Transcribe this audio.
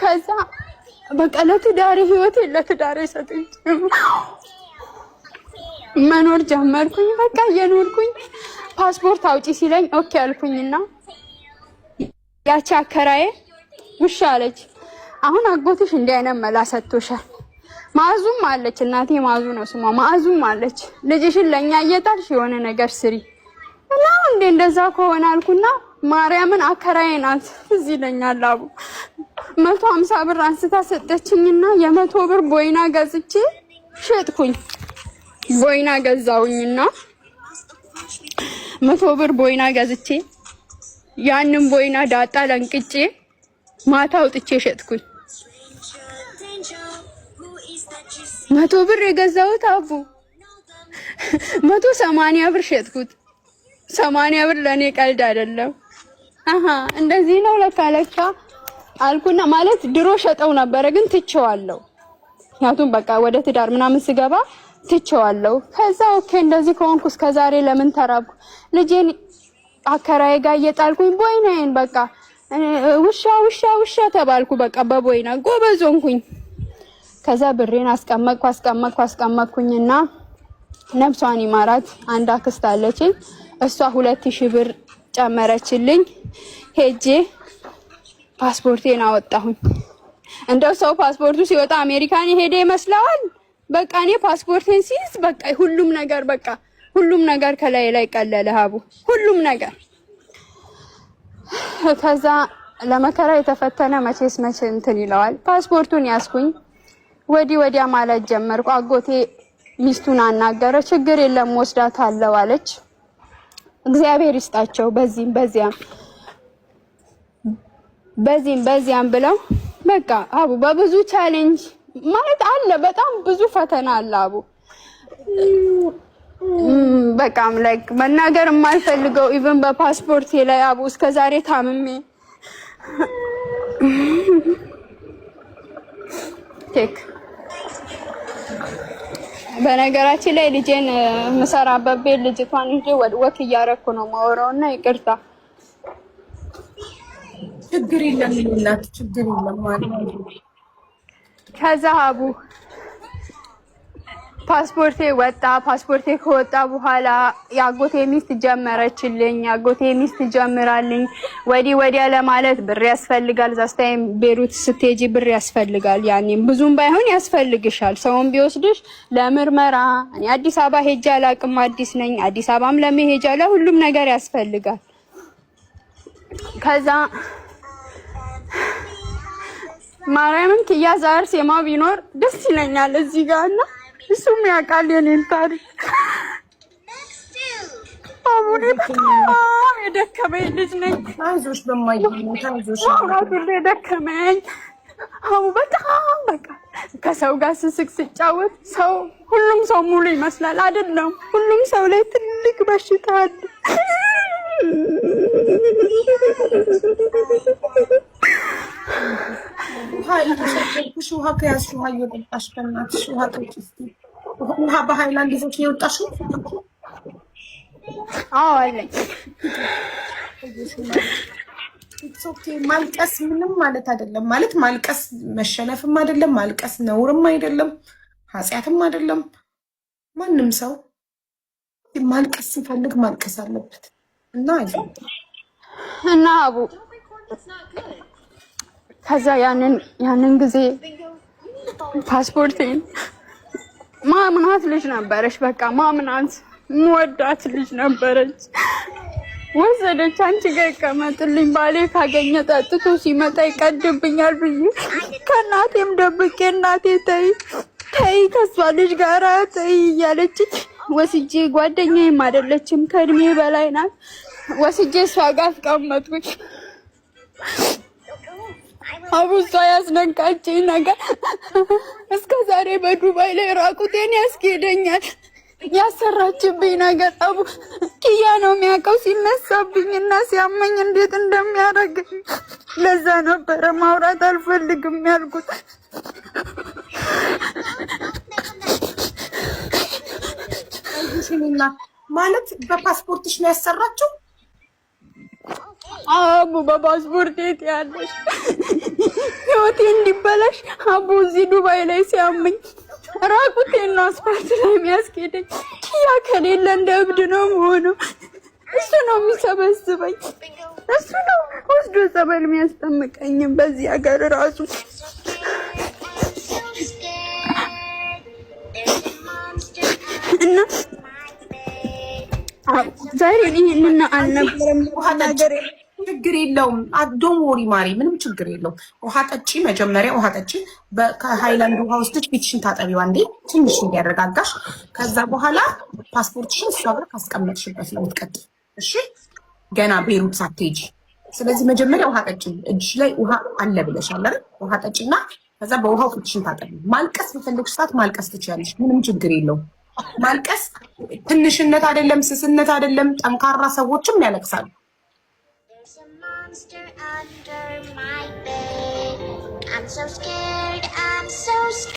ከዛ በቃ ለትዳሬ ህይወት ለትዳሬ ሰጥቼ መኖር ጀመርኩኝ። በቃ እየኖርኩኝ ፓስፖርት አውጪ ሲለኝ ኦኬ አልኩኝና ያቺ አከራዬ ውሻ አለች። አሁን አጎትሽ እንዲህ አይነት መላ ሰጥቶሻል። ማዕዙም አለች እናቴ ማዙ ነው ስሟ። ማዙም አለች ልጅሽን ለእኛ እየጣልሽ የሆነ ነገር ስሪ እና እንዴ እንደዛ ከሆነ አልኩና ማርያምን አከራዬ ናት እዚህ ለኛ አቡ መቶ ሀምሳ ብር አንስታ ሰጠችኝና የመቶ ብር ቦይና ገዝቼ ሸጥኩኝ። ቦይና ገዛውኝና መቶ ብር ቦይና ገዝቼ ያንን ቦይና ዳጣ ለንቅጬ ማታ አውጥቼ ሸጥኩኝ። መቶ ብር የገዛሁት አቡ መቶ ሰማንያ ብር ሸጥኩት። ሰማንያ ብር ለእኔ ቀልድ አይደለም። አሀ እንደዚህ ነው ለካ ለካ አልኩና ማለት ድሮ ሸጠው ነበረ፣ ግን ትቼዋለሁ። ምክንያቱም በቃ ወደ ትዳር ምናምን ስገባ ትቼዋለሁ። ከዛ ኦኬ እንደዚህ ከሆንኩ እስከዛሬ ለምን ተራብኩ? ልጄን አከራዬ ጋር እየጣልኩኝ ቦይናዬን በቃ ውሻ ውሻ ውሻ ተባልኩ። በቃ በቦይና ጎበዞንኩኝ። ከዛ ብሬን አስቀመጥኩ አስቀመጥኩ አስቀመጥኩኝና ነብሷን ይማራት አንድ አክስት አለችኝ። እሷ ሁለት ሺህ ብር ጨመረችልኝ ሄጄ ፓስፖርቴን አወጣሁኝ። እንደው ሰው ፓስፖርቱ ሲወጣ አሜሪካን የሄደ ይመስለዋል። በቃ እኔ ፓስፖርቴን ሲይዝ በቃ ሁሉም ነገር በቃ ሁሉም ነገር ከላይ ላይ ቀለለ። ሀቡ ሁሉም ነገር ከዛ ለመከራ የተፈተነ መቼስ መቼ እንትን ይለዋል። ፓስፖርቱን ያስኩኝ ወዲህ ወዲያ ማለት ጀመርኩ። አጎቴ ሚስቱን አናገረ። ችግር የለም ወስዳት አለው አለች። እግዚአብሔር ይስጣቸው በዚህም በዚያም በዚህም በዚያም ብለው በቃ አቡ በብዙ ቻሌንጅ ማለት አለ። በጣም ብዙ ፈተና አለ አቡ በቃም ላይክ መናገር የማልፈልገው ኢቨን በፓስፖርት ላይ አቡ እስከ ዛሬ ታምሜ ቴክ በነገራችን ላይ ልጄን የምሰራበት ቤት ልጅቷን እንጂ ወክ እያረኩ ነው ማወራውና ይቅርታ ችግር የለም እናት ችግር የለም ከዛ አቡ ፓስፖርቴ ወጣ። ፓስፖርቴ ከወጣ በኋላ የአጎቴ ሚስት ጀመረችልኝ። የአጎቴ ሚስት ጀምራልኝ ወዲህ ወዲያ ለማለት ብር ያስፈልጋል። ዛስታይም ቤሩት ስትሄጂ ብር ያስፈልጋል። ያኔም ብዙም ባይሆን ያስፈልግሻል። ሰውን ቢወስድሽ ለምርመራ እኔ አዲስ አበባ ሄጄ አላቅም። አዲስ ነኝ። አዲስ አበባም ለመሄጃ ለሁሉም ነገር ያስፈልጋል። ከዛ ማርያምን ክያ ዛር ሴማ ቢኖር ደስ ይለኛል እዚህ ጋር እና እሱም ያውቃል የኔን ታሪክ። አቡኔ በጣም የደከመኝ ልጅ ነኝ። ታዞሽ በማይታዞሽ የደከመኝ አቡ በጣም በቃ ከሰው ጋር ስስቅ ስጫወት ሰው ሁሉም ሰው ሙሉ ይመስላል። አይደለም ሁሉም ሰው ላይ ትልቅ በሽታ አለ። ውሃ እየተሸጠልኩሽ ውሃ ከያዝሽ ውሃ እየጠጣሽ በእናትሽ ውሃ ጠጪ እስኪ። ውሃ በሀይላንድ ይዘሽ ነው የወጣሽው? አዎ አለኝ። ማልቀስ ምንም ማለት አይደለም። ማለት ማልቀስ መሸነፍም አይደለም። ማልቀስ ነውርም አይደለም፣ ኃጢአትም አይደለም። ማንም ሰው ማልቀስ ሲፈልግ ማልቀስ አለበት እና እና አቡ ከዛ ያንን ያንን ጊዜ ፓስፖርቴን ማምናት ልጅ ነበረች። በቃ ማምናት ምወዳት ልጅ ነበረች። ወሰደች። አንቺ ጋር ይቀመጥልኝ ባሌ ካገኘ ጠጥቶ ሲመጣ ይቀድብኛል ብዬ ከእናቴም ደብቄ እናቴ ተይ ተይ ከሷ ልጅ ጋር ተይ እያለች ወስጄ፣ ጓደኛዬም አይደለችም ከእድሜ በላይ ናት። ወስጄ እሷ ጋር አስቀመጥኩኝ። አቡሷ ያስነቃችኝ ነገር እስከ ዛሬ በዱባይ ላይ ራቁቴን ያስኬደኛል። ያሰራችብኝ ነገር አቡ ኪያ ነው የሚያውቀው። ሲነሳብኝ እና ሲያመኝ እንዴት እንደሚያደርግኝ ለዛ ነበረ ማውራት አልፈልግም ያልኩት። ማለት በፓስፖርትሽ ነው ያሰራችው። አቡ በፓስፖርት የት ያለሽ ህይወቴ እንዲበላሽ አቡ እዚህ ዱባይ ላይ ሲያመኝ ራቁቴን ነው አስፋልት ላይ የሚያስኬደኝ። ያ ከሌለ እንደ እብድ ነው መሆነው። እሱ ነው የሚሰበስበኝ፣ እሱ ነው ወስዶ ጸበል የሚያስጠምቀኝም በዚህ ሀገር ራሱ እና ዛሬ ይህንን አልነበረም ነገር ችግር የለውም። አዶም ወሪ ማሪ፣ ምንም ችግር የለውም። ውሃ ጠጪ፣ መጀመሪያ ውሃ ጠጪ። ከሃይላንድ ውሃ ውስጥች ፊትሽን ታጠቢዋ እንዴ ትንሽ እንዲያረጋጋሽ። ከዛ በኋላ ፓስፖርትሽን እሷ ጋር ካስቀመጥሽበት ነው ትቀጥ። እሺ ገና ቤሩት ሳትሄጂ። ስለዚህ መጀመሪያ ውሃ ጠጪ። እጅሽ ላይ ውሃ አለ ብለሻል አይደል? ውሃ ጠጪና ከዛ በውሃው ፊትሽን ታጠቢ። ማልቀስ በፈለግሽ ሰዓት ማልቀስ ትችያለሽ። ምንም ችግር የለውም። ማልቀስ ትንሽነት አይደለም፣ ስስነት አይደለም። ጠንካራ ሰዎችም ያለቅሳሉ። monster under my bed. I'm so scared, I'm so scared.